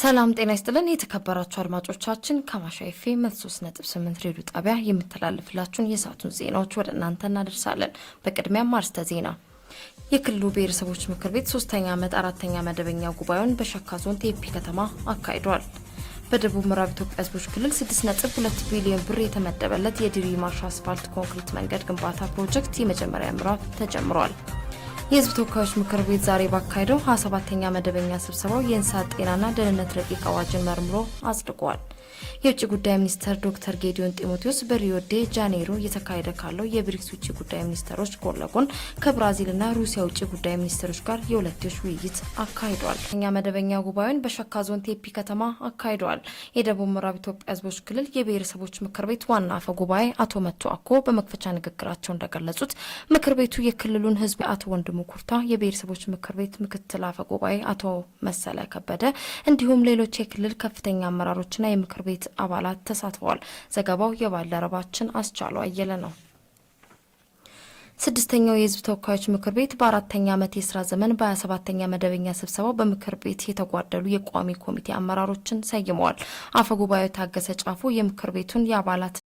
ሰላም ጤና ይስጥልን የተከበራችሁ አድማጮቻችን፣ ከማሻ ኤፍ ኤም መቶ ሶስት ነጥብ ስምንት ሬዲዮ ጣቢያ የሚተላለፍላችሁን የሰዓቱን ዜናዎች ወደ እናንተ እናደርሳለን። በቅድሚያም አርዕስተ ዜና። የክልሉ ብሔረሰቦች ምክር ቤት ሶስተኛ ዓመት አራተኛ መደበኛ ጉባኤውን በሸካ ዞን ቴፒ ከተማ አካሂዷል። በደቡብ ምዕራብ ኢትዮጵያ ህዝቦች ክልል 6.2 ቢሊዮን ብር የተመደበለት የድሪ ማርሽ አስፋልት ኮንክሪት መንገድ ግንባታ ፕሮጀክት የመጀመሪያ ምዕራፍ ተጀምሯል። የህዝብ ተወካዮች ምክር ቤት ዛሬ ባካሄደው 27 ተኛ መደበኛ ስብሰባው የእንስሳት ጤናና ደህንነት ረቂቅ አዋጅን መርምሮ አጽድቋል። የውጭ ጉዳይ ሚኒስትር ዶክተር ጌዲዮን ጢሞቴዎስ በሪዮ ዴ ጃኔሮ እየተካሄደ ካለው የብሪክስ ውጭ ጉዳይ ሚኒስትሮች ጎን ለጎን ከብራዚልና ሩሲያ ውጭ ጉዳይ ሚኒስትሮች ጋር የሁለትዮሽ ውይይት አካሂዷል። እኛ መደበኛ ጉባኤውን በሸካ ዞን ቴፒ ከተማ አካሂደዋል። የደቡብ ምዕራብ ኢትዮጵያ ህዝቦች ክልል የብሔረሰቦች ምክር ቤት ዋና አፈ ጉባኤ አቶ መቶ አኮ በመክፈቻ ንግግራቸው እንደገለጹት ምክር ቤቱ የክልሉን ህዝብ አቶ ወንድሙ ኩርታ፣ የብሔረሰቦች ምክር ቤት ምክትል አፈ ጉባኤ አቶ መሰለ ከበደ እንዲሁም ሌሎች የክልል ከፍተኛ አመራሮችና የምክር ምክር ቤት አባላት ተሳትፈዋል። ዘገባው የባልደረባችን አስቻለው አየለ ነው። ስድስተኛው የህዝብ ተወካዮች ምክር ቤት በአራተኛ ዓመት የስራ ዘመን በ27ተኛ መደበኛ ስብሰባው በምክር ቤት የተጓደሉ የቋሚ ኮሚቴ አመራሮችን ሰይመዋል። አፈ ጉባኤው ታገሰ ጫፉ የምክር ቤቱን የአባላት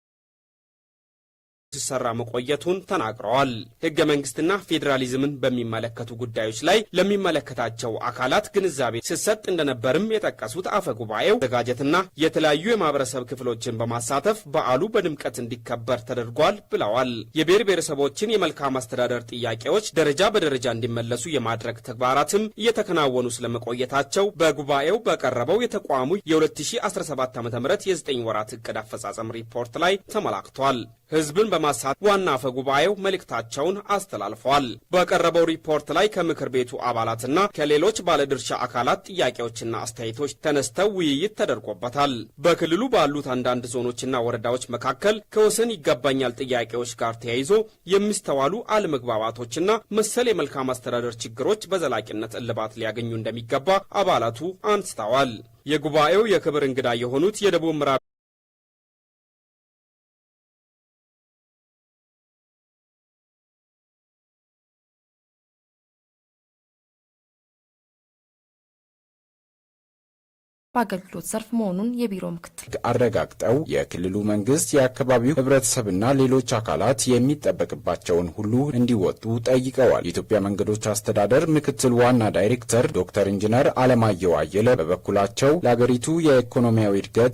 ሲሰራ መቆየቱን ተናግረዋል። ህገ መንግስትና ፌዴራሊዝምን በሚመለከቱ ጉዳዮች ላይ ለሚመለከታቸው አካላት ግንዛቤ ሲሰጥ እንደነበርም የጠቀሱት አፈ ጉባኤው ዘጋጀትና የተለያዩ የማህበረሰብ ክፍሎችን በማሳተፍ በዓሉ በድምቀት እንዲከበር ተደርጓል ብለዋል። የብሔር ብሔረሰቦችን የመልካም አስተዳደር ጥያቄዎች ደረጃ በደረጃ እንዲመለሱ የማድረግ ተግባራትም እየተከናወኑ ስለመቆየታቸው በጉባኤው በቀረበው የተቋሙ የ2017 ዓ ም የ9 ወራት እቅድ አፈጻጸም ሪፖርት ላይ ተመላክቷል። ህዝብን በማሳት ዋና አፈ ጉባኤው መልእክታቸውን አስተላልፈዋል። በቀረበው ሪፖርት ላይ ከምክር ቤቱ አባላትና ከሌሎች ባለድርሻ አካላት ጥያቄዎችና አስተያየቶች ተነስተው ውይይት ተደርጎበታል። በክልሉ ባሉት አንዳንድ ዞኖችና ወረዳዎች መካከል ከወሰን ይገባኛል ጥያቄዎች ጋር ተያይዞ የሚስተዋሉ አለመግባባቶችና መሰል የመልካም አስተዳደር ችግሮች በዘላቂነት እልባት ሊያገኙ እንደሚገባ አባላቱ አንስተዋል። የጉባኤው የክብር እንግዳ የሆኑት የደቡብ ምዕራብ በአገልግሎት ዘርፍ መሆኑን የቢሮ ምክትል አረጋግጠው የክልሉ መንግስት የአካባቢው ህብረተሰብና ሌሎች አካላት የሚጠበቅባቸውን ሁሉ እንዲወጡ ጠይቀዋል። የኢትዮጵያ መንገዶች አስተዳደር ምክትል ዋና ዳይሬክተር ዶክተር ኢንጂነር አለማየሁ አየለ በበኩላቸው ለአገሪቱ የኢኮኖሚያዊ እድገት